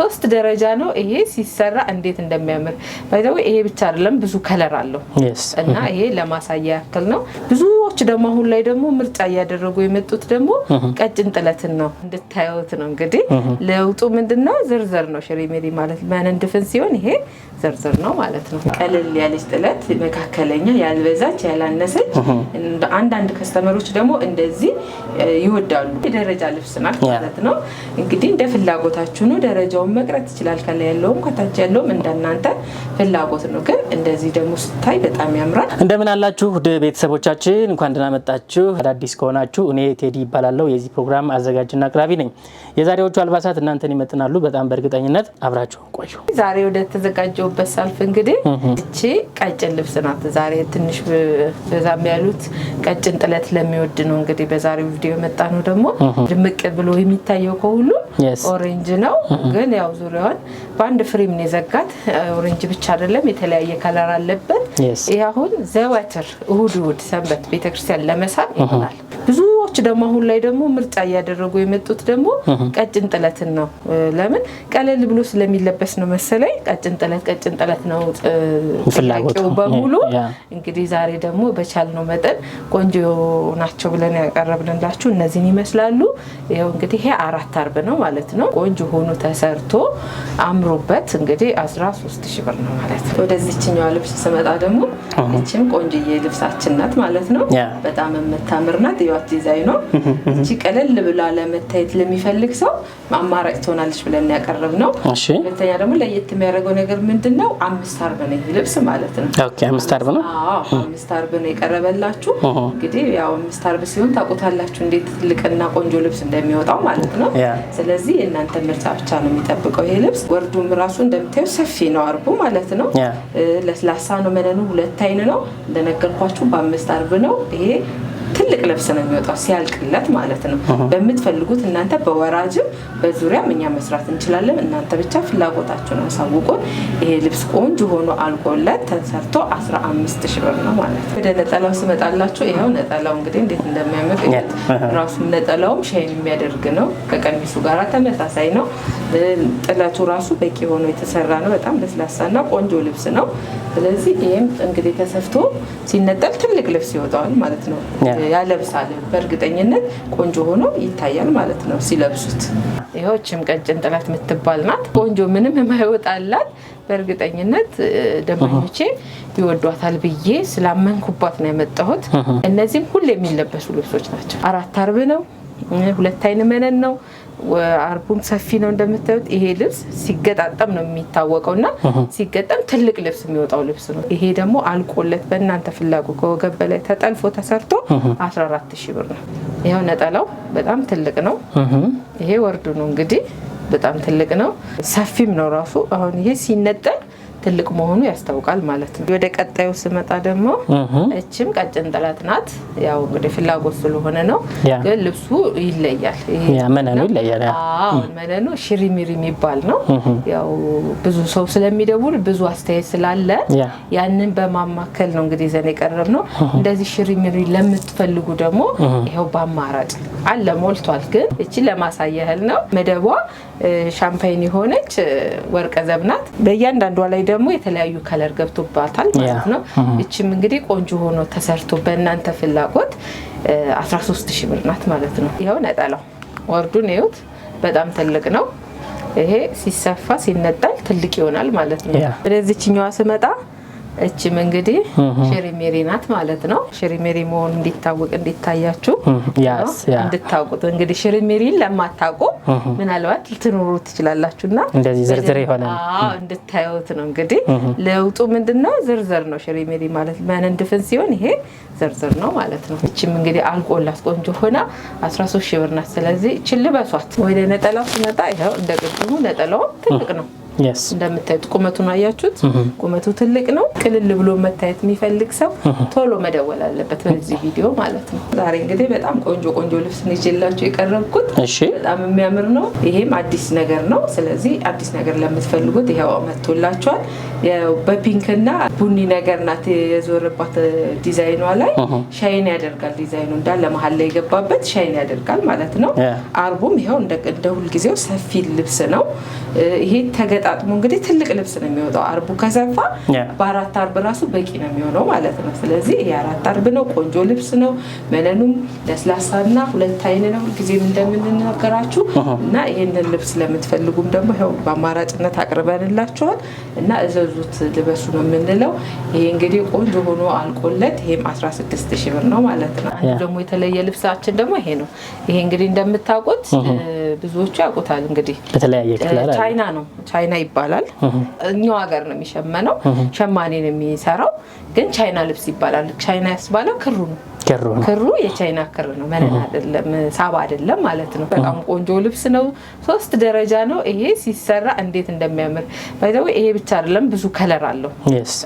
ሶስት ደረጃ ነው ይሄ ሲሰራ እንዴት እንደሚያምር ባይዘው። ይሄ ብቻ አይደለም ብዙ ከለር አለው እና mm-hmm. ይሄ ለማሳያ ያክል ነው። ብዙዎች ደግሞ አሁን ላይ ደግሞ ምርጫ እያደረጉ የመጡት ደግሞ mm-hmm. ቀጭን ጥለትን ነው እንድታዩት ነው። እንግዲህ mm-hmm. ለውጡ ምንድነው ዝርዝር ነው ሽሪሜሪ ማለት መንድፍን ሲሆን ይሄ ዝርዝር ነው ማለት ነው። ቀለል ያለች ጥለት፣ መካከለኛ፣ ያልበዛች፣ ያላነሰች። አንዳንድ ከስተመሮች ደግሞ እንደዚህ ይወዳሉ። የደረጃ ልብስ ናት ማለት ነው። እንግዲህ እንደ ፍላጎታችሁ ነው። ደረጃውን መቅረት ይችላል። ከላይ ያለውም ከታች ያለውም እንደናንተ ፍላጎት ነው። ግን እንደዚህ ደግሞ ስታይ በጣም ያምራል። እንደምን አላችሁ ቤተሰቦቻችን፣ እንኳን ደህና መጣችሁ። አዳዲስ ከሆናችሁ እኔ ቴዲ ይባላለሁ። የዚህ ፕሮግራም አዘጋጅና አቅራቢ ነኝ። የዛሬዎቹ አልባሳት እናንተን ይመጥናሉ በጣም በእርግጠኝነት። አብራችሁ ቆዩ። ዛሬ ወደ ተዘጋጀው በገቡበት እንግዲህ እቺ ቀጭን ልብስ ናት። ዛሬ ትንሽ በዛም ያሉት ቀጭን ጥለት ለሚወድ ነው። እንግዲህ በዛሬው ቪዲዮ የመጣ ነው ደግሞ ድምቅ ብሎ የሚታየው ከሁሉ ኦሬንጅ ነው። ግን ያው ዙሪያዋን በአንድ ፍሬም ነው የዘጋት። ኦሬንጅ ብቻ አይደለም፣ የተለያየ ከለር አለበት። ይህ አሁን ዘወትር እሁድ እሁድ ሰንበት ቤተክርስቲያን ለመሳብ ይሆናል ብዙ ሰዎች ደግሞ አሁን ላይ ደግሞ ምርጫ እያደረጉ የመጡት ደግሞ ቀጭን ጥለትን ነው። ለምን ቀለል ብሎ ስለሚለበስ ነው መሰለኝ። ቀጭን ጥለት ቀጭን ጥለት ነው ፍላጎቱ በሙሉ። እንግዲህ ዛሬ ደግሞ በቻልነው መጠን ቆንጆ ናቸው ብለን ያቀረብንላችሁ እነዚህን ይመስላሉ። ይኸው እንግዲህ ይሄ አራት አርብ ነው ማለት ነው። ቆንጆ ሆኖ ተሰርቶ አምሮበት እንግዲህ አስራ ሶስት ሺ ብር ነው ማለት ነው። ወደዚችኛዋ ልብስ ስመጣ ደግሞ ይችም ቆንጆዬ ልብሳችን ናት ማለት ነው። በጣም የምታምር ናት ላይ ነው። እቺ ቀለል ብላ ለመታየት ለሚፈልግ ሰው አማራጭ ትሆናለች ብለን ያቀረብ ነው። ሁለተኛ ደግሞ ለየት የሚያደርገው ነገር ምንድን ነው? አምስት አርብ ነው ልብስ ማለት ነው። አምስት አርብ ነው። አምስት አርብ ነው የቀረበላችሁ። እንግዲህ ያው አምስት አርብ ሲሆን ታውቁታላችሁ እንዴት ትልቅና ቆንጆ ልብስ እንደሚወጣው ማለት ነው። ስለዚህ የእናንተ ምርጫ ብቻ ነው የሚጠብቀው ይሄ ልብስ። ወርዱም ራሱ እንደምታዩ ሰፊ ነው አርቡ ማለት ነው። ለስላሳ ነው። መነኑ ሁለት አይን ነው እንደነገርኳችሁ፣ በአምስት አርብ ነው ይሄ ትልቅ ልብስ ነው የሚወጣው ሲያልቅለት ማለት ነው። በምትፈልጉት እናንተ በወራጅም በዙሪያም እኛ መስራት እንችላለን። እናንተ ብቻ ፍላጎታችሁን አሳውቁን። ይሄ ልብስ ቆንጆ ሆኖ አልቆለት ተሰርቶ 15 ሺህ ብር ነው ማለት ነው። ወደ ነጠላው ስመጣላችሁ ይኸው ነጠላው እንግዲህ እንዴት እንደሚያምር ራሱም ነጠላውም ሻይን የሚያደርግ ነው። ከቀሚሱ ጋር ተመሳሳይ ነው። ጥለቱ ራሱ በቂ ሆኖ የተሰራ ነው። በጣም ለስላሳና ቆንጆ ልብስ ነው። ስለዚህ ይህም እንግዲህ ተሰፍቶ ሲነጠል ትልቅ ልብስ ይወጣዋል ማለት ነው። ያለብሳል፣ በእርግጠኝነት ቆንጆ ሆኖ ይታያል ማለት ነው ሲለብሱት። ይኸውችም ቀጭን ጥለት የምትባል ናት። ቆንጆ ምንም የማይወጣላት በእርግጠኝነት ደንበኞቼ ይወዷታል ብዬ ስላመንኩባት ነው የመጣሁት። እነዚህም ሁሌ የሚለበሱ ልብሶች ናቸው። አራት አርብ ነው፣ ሁለት አይን መነን ነው አርቡም ሰፊ ነው እንደምታዩት። ይሄ ልብስ ሲገጣጠም ነው የሚታወቀው እና ሲገጠም ትልቅ ልብስ የሚወጣው ልብስ ነው። ይሄ ደግሞ አልቆለት በእናንተ ፍላጎት ከወገብ በላይ ተጠልፎ ተሰርቶ 14 ሺህ ብር ነው። ይኸው ነጠላው በጣም ትልቅ ነው። ይሄ ወርዱ ነው እንግዲህ በጣም ትልቅ ነው፣ ሰፊም ነው ራሱ። አሁን ይሄ ሲነጠል ትልቅ መሆኑ ያስታውቃል ማለት ነው። ወደ ቀጣዩ ስመጣ ደግሞ እችም ቀጭን ጥለት ናት። ያው እንግዲህ ፍላጎት ስለሆነ ነው። ግን ልብሱ ይለያል፣ መነኑ ይለያል። መነኑ ሽሪሚሪ የሚባል ነው። ያው ብዙ ሰው ስለሚደውል ብዙ አስተያየት ስላለ ያንን በማማከል ነው እንግዲህ ዘን የቀረብ ነው። እንደዚህ ሽሪሚሪ ለምትፈልጉ ደግሞ ይኸው በአማራጭ አለ ሞልቷል። ግን እቺ ለማሳያ ያህል ነው መደቧ ሻምፓይን የሆነች ወርቀ ዘብ ናት። በእያንዳንዷ ላይ ደግሞ የተለያዩ ከለር ገብቶባታል ማለት ነው። እችም እንግዲህ ቆንጆ ሆኖ ተሰርቶ በእናንተ ፍላጎት 13 ሺህ ብር ናት ማለት ነው። ይኸው ነጠላው ወርዱን ይዩት፣ በጣም ትልቅ ነው። ይሄ ሲሰፋ ሲነጠል ትልቅ ይሆናል ማለት ነው። ወደዚችኛዋ ስመጣ እችም እንግዲህ ሽሪ ሜሪ ናት ማለት ነው። ሽሪ ሜሪ መሆኑ እንዲታወቅ እንዲታያችሁ እንድታውቁት እንግዲህ ሽሪ ሜሪን ለማታውቁ ምናልባት ልትኖሩ ትችላላችሁና እንደዚህ ዝርዝር የሆነ እንድታዩት ነው። እንግዲህ ለውጡ ምንድን ነው? ዝርዝር ነው። ሽሪ ሜሪ ማለት መንድፍን ሲሆን ይሄ ዝርዝር ነው ማለት ነው። እችም እንግዲህ አልቆላት ቆንጆ ሆና 13 ሺህ ብር ናት። ስለዚህ እችን ልበሷት። ወደ ነጠላው ስመጣ ይኸው እንደ ቅድሙ ነጠላው ትልቅ ነው። እንደምታዩት ቁመቱን አያችሁት? ቁመቱ ትልቅ ነው። ቅልል ብሎ መታየት የሚፈልግ ሰው ቶሎ መደወል አለበት፣ በዚህ ቪዲዮ ማለት ነው። ዛሬ እንግዲህ በጣም ቆንጆ ቆንጆ ልብስ ይዤላችሁ የቀረብኩት በጣም የሚያምር ነው። ይሄም አዲስ ነገር ነው። ስለዚህ አዲስ ነገር ለምትፈልጉት ይኸው መጥቶላችኋል። በፒንክና ቡኒ ነገር ናት የዞረባት ዲዛይኗ ላይ ሻይን ያደርጋል። ዲዛይኑ እንዳለ መሀል ላይ የገባበት ሻይን ያደርጋል ማለት ነው። አርቡም ይኸው እንደ ሁልጊዜው ሰፊ ልብስ ነው። ይሄ ተገጣ ተገጣጥሞ እንግዲህ ትልቅ ልብስ ነው የሚወጣው። አርቡ ከሰፋ በአራት አርብ ራሱ በቂ ነው የሚሆነው ማለት ነው። ስለዚህ አራት አርብ ነው፣ ቆንጆ ልብስ ነው። መለኑም ለስላሳና ሁለት አይን ነው ጊዜም እንደምንናገራችሁ እና ይህንን ልብስ ለምትፈልጉም ደግሞ ይኸው በአማራጭነት አቅርበንላችኋል እና እዘዙት ልበሱ ነው የምንለው። ይሄ እንግዲህ ቆንጆ ሆኖ አልቆለት ይሄም 16 ሺ ብር ነው ማለት ነው። ደግሞ የተለየ ልብሳችን ደግሞ ይሄ ነው። ይሄ እንግዲህ እንደምታውቁት ብዙዎቹ ያውቁታል እንግዲህ ቻይና ነው ቻይና ቻይና ይባላል። እኛው ሀገር ነው የሚሸመነው፣ ሸማኔ ነው የሚሰራው። ግን ቻይና ልብስ ይባላል። ቻይና ያስባለው ክሩ ነው። ክሩ የቻይና ክር ነው፣ መነን አይደለም፣ ሳባ አይደለም ማለት ነው። በጣም ቆንጆ ልብስ ነው። ሶስት ደረጃ ነው ይሄ ሲሰራ እንዴት እንደሚያምር ባይዘው። ይሄ ብቻ አይደለም ብዙ ከለር አለው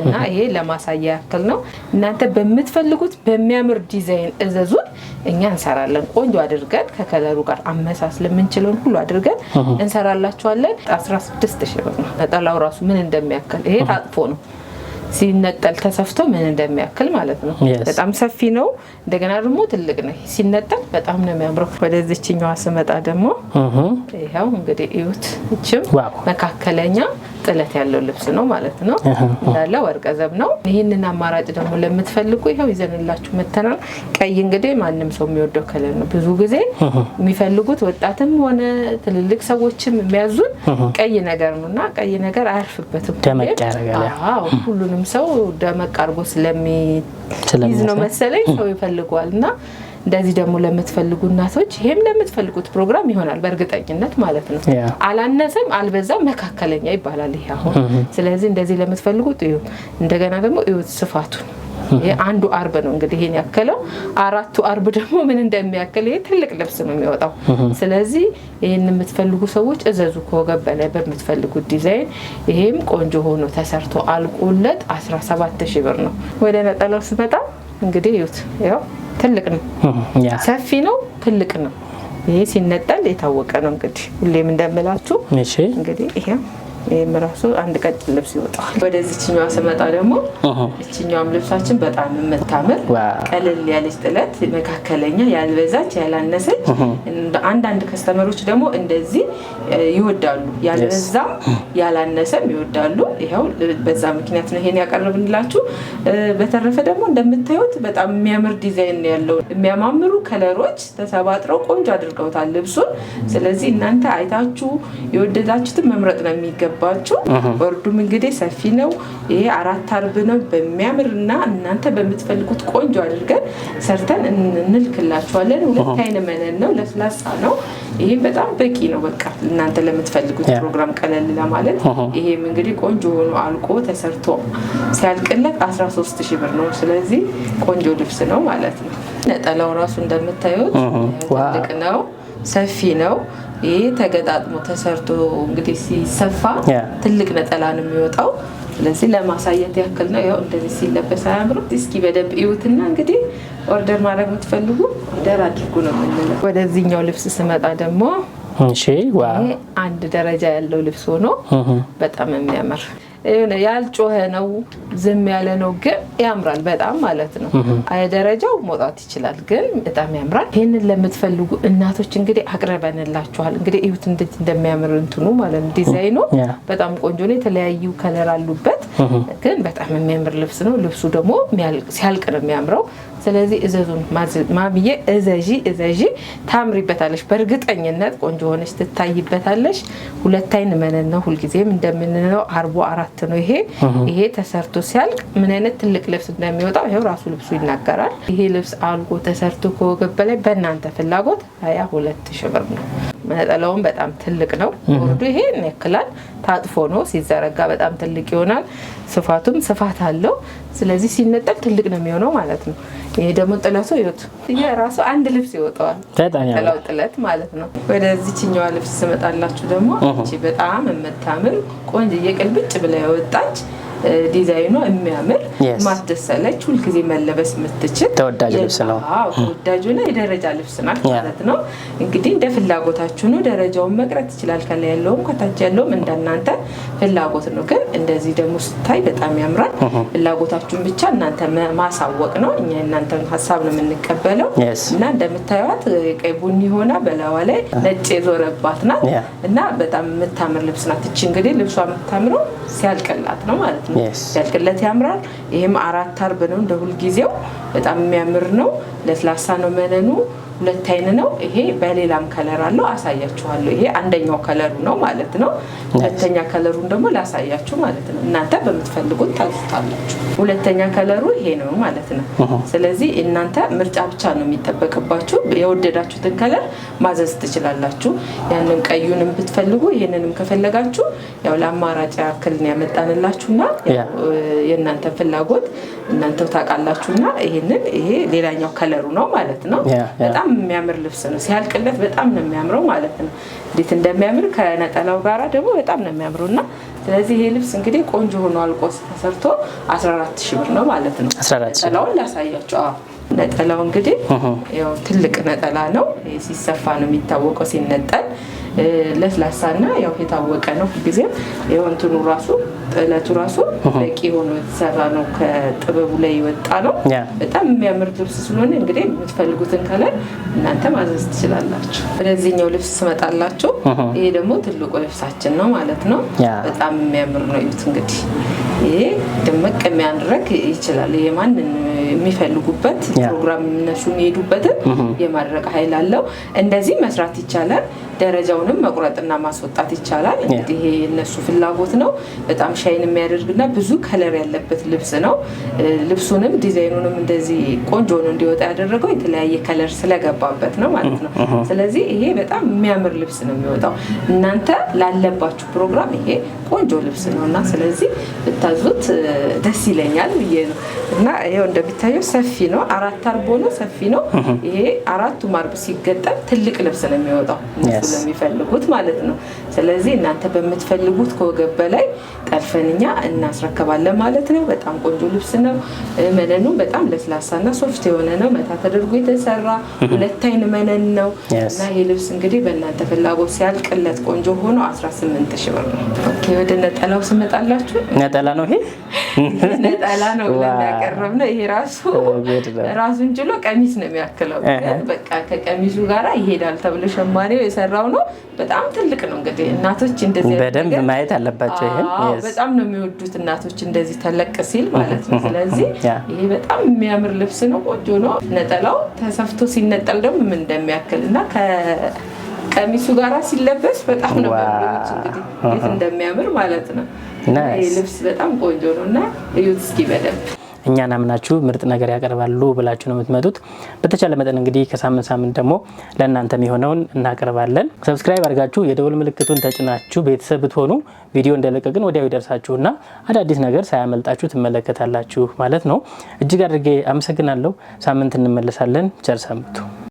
እና ይሄ ለማሳያ ያክል ነው። እናንተ በምትፈልጉት በሚያምር ዲዛይን እዘዙን፣ እኛ እንሰራለን። ቆንጆ አድርገን ከከለሩ ጋር አመሳስል የምንችለውን ሁሉ አድርገን እንሰራላችኋለን። 16 ሺ ብር ነው ነጠላው ራሱ ምን እንደሚያክል ይሄ ታጥፎ ነው ሲነጠል ተሰፍቶ ምን እንደሚያክል ማለት ነው። በጣም ሰፊ ነው። እንደገና ደግሞ ትልቅ ነው። ሲነጠል በጣም ነው የሚያምረው። ወደዚችኛዋ ስመጣ ደግሞ ይኸው እንግዲህ እዩት። እችም መካከለኛ ጥለት ያለው ልብስ ነው ማለት ነው። እንዳለ ወርቀ ዘብ ነው። ይህንን አማራጭ ደግሞ ለምትፈልጉ ይኸው ይዘንላችሁ መተናል። ቀይ እንግዲህ ማንም ሰው የሚወደው ከለር ነው። ብዙ ጊዜ የሚፈልጉት ወጣትም ሆነ ትልልቅ ሰዎችም የሚያዙን ቀይ ነገር ነው እና ቀይ ነገር አያርፍበትም። ሁሉንም ሰው ደመቅ አድርጎ ስለሚይዝ ነው መሰለኝ ሰው ይፈልገዋል እና እንደዚህ ደግሞ ለምትፈልጉ እናቶች ይሄም ለምትፈልጉት ፕሮግራም ይሆናል በእርግጠኝነት ማለት ነው። አላነሰም አልበዛም፣ መካከለኛ ይባላል ይሄ አሁን። ስለዚህ እንደዚህ ለምትፈልጉት እዩ። እንደገና ደግሞ እዩት ስፋቱን አንዱ አርብ ነው እንግዲህ ይሄን ያከለው። አራቱ አርብ ደግሞ ምን እንደሚያክል ይሄ ትልቅ ልብስ ነው የሚወጣው። ስለዚህ ይህን የምትፈልጉ ሰዎች እዘዙ፣ ከወገብ በላይ በምትፈልጉት ዲዛይን። ይሄም ቆንጆ ሆኖ ተሰርቶ አልቆለት 17 ሺ ብር ነው። ወደ ነጠላው ስመጣ እንግዲህ እዩት። ያው ትልቅ ነው፣ ሰፊ ነው፣ ትልቅ ነው። ይሄ ሲነጠል የታወቀ ነው። እንግዲህ ሁሌም እንደምላችሁ እንግዲህ ይሄ ይህም ራሱ አንድ ቀጭን ልብስ ይወጣል። ወደዚችኛዋ ስመጣ ደግሞ እችኛዋም ልብሳችን በጣም የምታምር ቀለል ያለች ጥለት መካከለኛ ያልበዛች ያላነሰች። አንዳንድ ከስተመሮች ደግሞ እንደዚህ ይወዳሉ፣ ያልበዛም ያላነሰም ይወዳሉ። ይኸው በዛ ምክንያት ነው ይሄን ያቀርብንላችሁ። በተረፈ ደግሞ እንደምታዩት በጣም የሚያምር ዲዛይን ያለው የሚያማምሩ ከለሮች ተሰባጥረው ቆንጆ አድርገውታል ልብሱን። ስለዚህ እናንተ አይታችሁ የወደዳችሁትን መምረጥ ነው የሚገባ አለባችሁ። ወርዱም እንግዲህ ሰፊ ነው። ይሄ አራት አርብ ነው። በሚያምር እና እናንተ በምትፈልጉት ቆንጆ አድርገን ሰርተን እንልክላችኋለን። ሁለት አይነ መነን ነው፣ ለስላሳ ነው። ይህም በጣም በቂ ነው። በቃ እናንተ ለምትፈልጉት ፕሮግራም ቀለል ለማለት ይሄም እንግዲህ ቆንጆ ሆኖ አልቆ ተሰርቶ ሲያልቅለት 13 ሺ ብር ነው። ስለዚህ ቆንጆ ልብስ ነው ማለት ነው። ነጠላው ራሱ እንደምታዩት ትልቅ ነው፣ ሰፊ ነው። ይህ ተገጣጥሞ ተሰርቶ እንግዲህ ሲሰፋ ትልቅ ነጠላ ነው የሚወጣው። ስለዚህ ለማሳየት ያክል ነው። ያው እንደዚህ ሲለበስ አያምርም? እስኪ በደንብ እዩትና እንግዲህ ኦርደር ማድረግ የምትፈልጉ ኦርደር አድርጉ ነው የምንለው። ወደዚህኛው ልብስ ስመጣ ደግሞ አንድ ደረጃ ያለው ልብስ ሆኖ በጣም የሚያምር የሆነ ያልጮኸ ነው፣ ዝም ያለ ነው፣ ግን ያምራል በጣም ማለት ነው። ደረጃው መውጣት ይችላል፣ ግን በጣም ያምራል። ይህንን ለምትፈልጉ እናቶች እንግዲህ አቅርበንላችኋል። እንግዲህ እዩት እንዴት እንደሚያምር እንትኑ ማለት ነው። ዲዛይኑ በጣም ቆንጆ ነው። የተለያዩ ከለር አሉበት፣ ግን በጣም የሚያምር ልብስ ነው። ልብሱ ደግሞ ሲያልቅ ነው የሚያምረው። ስለዚህ እዘዙን ማብዬ እዘዢ እዘዢ ታምሪበታለሽ። በእርግጠኝነት ቆንጆ ሆነች ትታይበታለሽ። ሁለት አይን መነን ነው ሁልጊዜም እንደምንለው አርቦ አራት ነው። ይሄ ይሄ ተሰርቶ ሲያልቅ ምን አይነት ትልቅ ልብስ እንደሚወጣው ይኸው ራሱ ልብሱ ይናገራል። ይሄ ልብስ አልጎ ተሰርቶ ከወገብ በላይ በእናንተ ፍላጎት ሀያ ሁለት ሺህ ብር ነው። ነጠላውን በጣም ትልቅ ነው። ወርዱ ይሄን ያክላል። ታጥፎ ነው ሲዘረጋ በጣም ትልቅ ይሆናል። ስፋቱም ስፋት አለው። ስለዚህ ሲነጠል ትልቅ ነው የሚሆነው ማለት ነው። ይሄ ደግሞ ጥለቱ ይወት ራሱ አንድ ልብስ ይወጣዋል። ጥለው ጥለት ማለት ነው። ወደዚችኛዋ ልብስ ስመጣላችሁ ደግሞ በጣም የምታምር ቆንጅዬ ቅልብጭ ብላ የወጣች ዲዛይኗ የሚያምር ማትደሰለች ሁልጊዜ መለበስ የምትችል ተወዳጅ ልብስ ነው። ተወዳጅ ሆነ የደረጃ ልብስ ናት ማለት ነው። እንግዲህ እንደ ፍላጎታችሁ ነው። ደረጃውን መቅረት ይችላል። ከላይ ያለውም ከታች ያለውም እንደናንተ ፍላጎት ነው። ግን እንደዚህ ደግሞ ስታይ በጣም ያምራል። ፍላጎታችሁን ብቻ እናንተ ማሳወቅ ነው። እኛ እናንተ ሀሳብ ነው የምንቀበለው እና እንደምታዩት ቀይ ቡኒ ሆና በላዋ ላይ ነጭ የዞረባት ናት እና በጣም የምታምር ልብስ ናት። እቺ እንግዲህ ልብሷ የምታምረው ሲያልቅላት ነው ማለት ነው። ነው። ሲያልቅለት ያምራል። ይህም አራት አርብ ነው እንደ ሁልጊዜው በጣም የሚያምር ነው። ለስላሳ ነው መነኑ ሁለት አይን ነው። ይሄ በሌላም ከለር አለው አሳያችኋለሁ። ይሄ አንደኛው ከለሩ ነው ማለት ነው። ሁለተኛ ከለሩን ደግሞ ላሳያችሁ ማለት ነው። እናንተ በምትፈልጉት ታዙታላችሁ። ሁለተኛ ከለሩ ይሄ ነው ማለት ነው። uh-huh. ስለዚህ እናንተ ምርጫ ብቻ ነው የሚጠበቅባችሁ። የወደዳችሁትን ከለር ማዘዝ ትችላላችሁ። ያንን ቀዩንም ብትፈልጉ ይህንንም ከፈለጋችሁ ያው ለአማራጭ ያክል ያመጣንላችሁና የእናንተ ፍላጎት እናንተው ታውቃላችሁና ይህንን ይሄ ሌላኛው ከለሩ ነው ማለት ነው በጣም የሚያምር ልብስ ነው። ሲያልቅለት በጣም ነው የሚያምረው ማለት ነው። እንዴት እንደሚያምር ከነጠላው ጋራ ደግሞ በጣም ነው የሚያምረው እና ስለዚህ ይሄ ልብስ እንግዲህ ቆንጆ ሆኖ አልቆ ተሰርቶ 14 ሺ ብር ነው ማለት ነው። ነጠላውን ላሳያቸው። ነጠላው እንግዲህ ያው ትልቅ ነጠላ ነው። ሲሰፋ ነው የሚታወቀው ሲነጠል ለስላሳና ያው የታወቀ ነው። ጊዜም የወንትኑ ራሱ ጥለቱ ራሱ በቂ ሆኖ የተሰራ ነው። ከጥበቡ ላይ የወጣ ነው። በጣም የሚያምር ልብስ ስለሆነ እንግዲህ የምትፈልጉትን ከላይ እናንተ ማዘዝ ትችላላችሁ። ወደዚህኛው ልብስ ስመጣላችሁ፣ ይሄ ደግሞ ትልቁ ልብሳችን ነው ማለት ነው። በጣም የሚያምር ነው። ይሁት እንግዲህ ይሄ ድምቅ የሚያደርግ ይችላል። ይሄ ማንን የሚፈልጉበት ፕሮግራም እነሱ የሚሄዱበትን የማድረግ ኃይል አለው። እንደዚህ መስራት ይቻላል። ደረጃውንም መቁረጥና ማስወጣት ይቻላል። እንግዲህ ይሄ የእነሱ ፍላጎት ነው። በጣም ሻይን የሚያደርግና ብዙ ከለር ያለበት ልብስ ነው። ልብሱንም ዲዛይኑንም እንደዚህ ቆንጆ ሆኖ እንዲወጣ ያደረገው የተለያየ ከለር ስለገባበት ነው ማለት ነው። ስለዚህ ይሄ በጣም የሚያምር ልብስ ነው የሚወጣው። እናንተ ላለባችሁ ፕሮግራም ይሄ ቆንጆ ልብስ ነው እና ስለዚህ ብታዙት ደስ ይለኛል ብዬ ነው እና ይኸው እንደሚታ እንደምታየው ሰፊ ነው። አራት አርቦ ነው፣ ሰፊ ነው። ይሄ አራቱ ማርብ ሲገጠም ትልቅ ልብስ ነው የሚወጣው ለሚፈልጉት ማለት ነው። ስለዚህ እናንተ በምትፈልጉት ከወገብ በላይ ጠልፈን እኛ እናስረከባለን ማለት ነው። በጣም ቆንጆ ልብስ ነው። መነኑ በጣም ለስላሳ እና ሶፍት የሆነ ነው። መታ ተደርጎ የተሰራ ሁለት አይን መነን ነው እና ይህ ልብስ እንግዲህ በእናንተ ፍላጎት ሲያልቅለት ቆንጆ ሆኖ 18 ብር ነው። ወደ ነጠላው ስመጣላችሁ ነጠላ ነው ይሄ ነጠላ ነው ያቀረብ ነው። ይሄ ራሱ oh, ራሱን ችሎ ቀሚስ ነው የሚያክለው። uh-huh. በቃ ከቀሚሱ ጋራ ይሄዳል ተብሎ ሸማኔው የሰራው ነው። በጣም ትልቅ ነው እንግዲህ እናቶች እንደዚህ በደንብ ማየት አለባቸው። ይሄን በጣም ነው የሚወዱት እናቶች እንደዚህ ተለቅ ሲል ማለት ነው። ስለዚህ ይሄ በጣም የሚያምር ልብስ ነው፣ ቆንጆ ነው። ነጠላው ተሰፍቶ ሲነጠል ደግሞ ምን እንደሚያክል እና ከቀሚሱ ጋራ ሲለበስ በጣም ነው እንግዲህ እንደሚያምር ማለት ነው። ይህ ልብስ በጣም ቆንጆ ነው እና እዩት እስኪ በደንብ እኛን አምናችሁ ምርጥ ነገር ያቀርባሉ ብላችሁ ነው የምትመጡት። በተቻለ መጠን እንግዲህ ከሳምንት ሳምንት ደግሞ ለእናንተ የሚሆነውን እናቀርባለን። ሰብስክራይብ አድርጋችሁ የደውል ምልክቱን ተጭናችሁ ቤተሰብ ብትሆኑ ቪዲዮ እንደለቀቅን ወዲያው ይደርሳችሁና አዳዲስ ነገር ሳያመልጣችሁ ትመለከታላችሁ ማለት ነው። እጅግ አድርጌ አመሰግናለሁ። ሳምንት እንመለሳለን። ቸር ሰንብቱ።